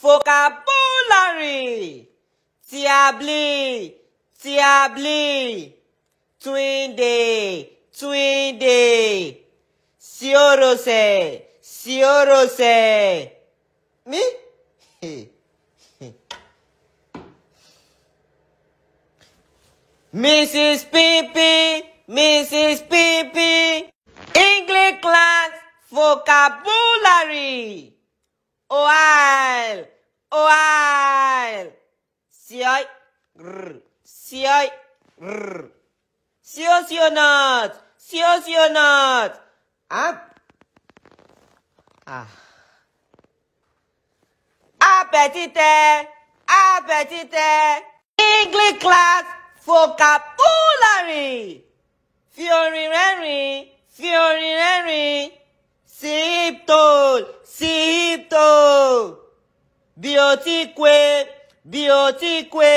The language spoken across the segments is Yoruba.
Vocabulary. Tiabli, tiabli. Twinde, twinde. Siorose, siorose. Mi? Mrs. Pippi, Mrs. Pippi. English class vocabulary oal, oal. Si hoy, grr, si hoy, grr. Si o not, si o not. Up. Ah. Appetite, appetite. English class vocabulary. Fi orin rẹ́rìn, fi Sip toll bí o ti kwe bí o ti kwe.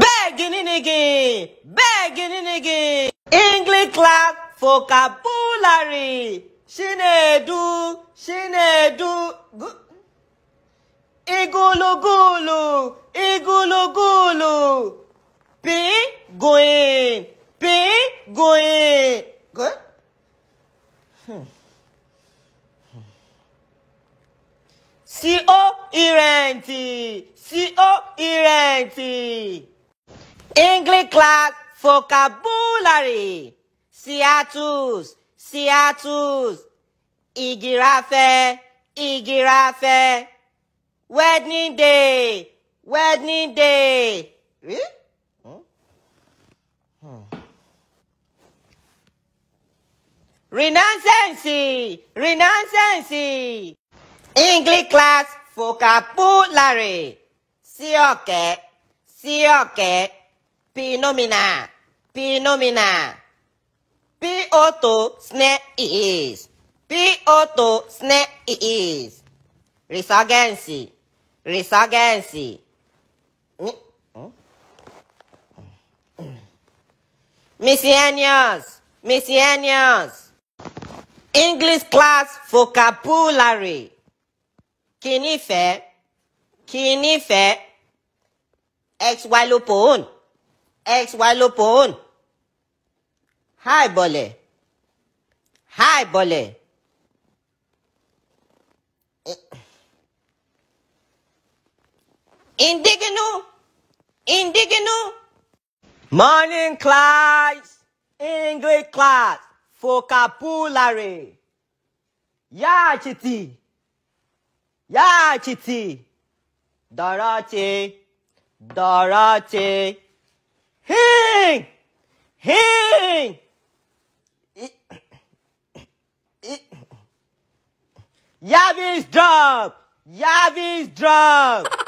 bẹ́ẹ̀ gíníngì bẹ́ẹ̀ gíníngì English class vocabulary Chinedu Chinedu igulugulu. CO ìrẹ̀ǹtì CO ìrẹ̀ǹtì English class vocabulary siatus siatus ìgìrafẹ́ ìgìrafẹ́ wedding day wedding day. Really? Hmm. hmm. Renaissance! Renaissance! English class vocabulary. Sioke, sioke, phenomena, phenomena. P-O-T-O, snake is. P-O-T-O, snake is. Resurgency, resurgency. Miscellaneous, miscellaneous. English class vocabulary. Kinife, kinife, exwalopon, exwalopon. Hi, bole. Hi, bole. Indigeno, indigeno. Morning class, English class. vocabulary yaachiti yaachiti Dorothy Dorothy Hing, Hing, Yavis drop Yavis drop.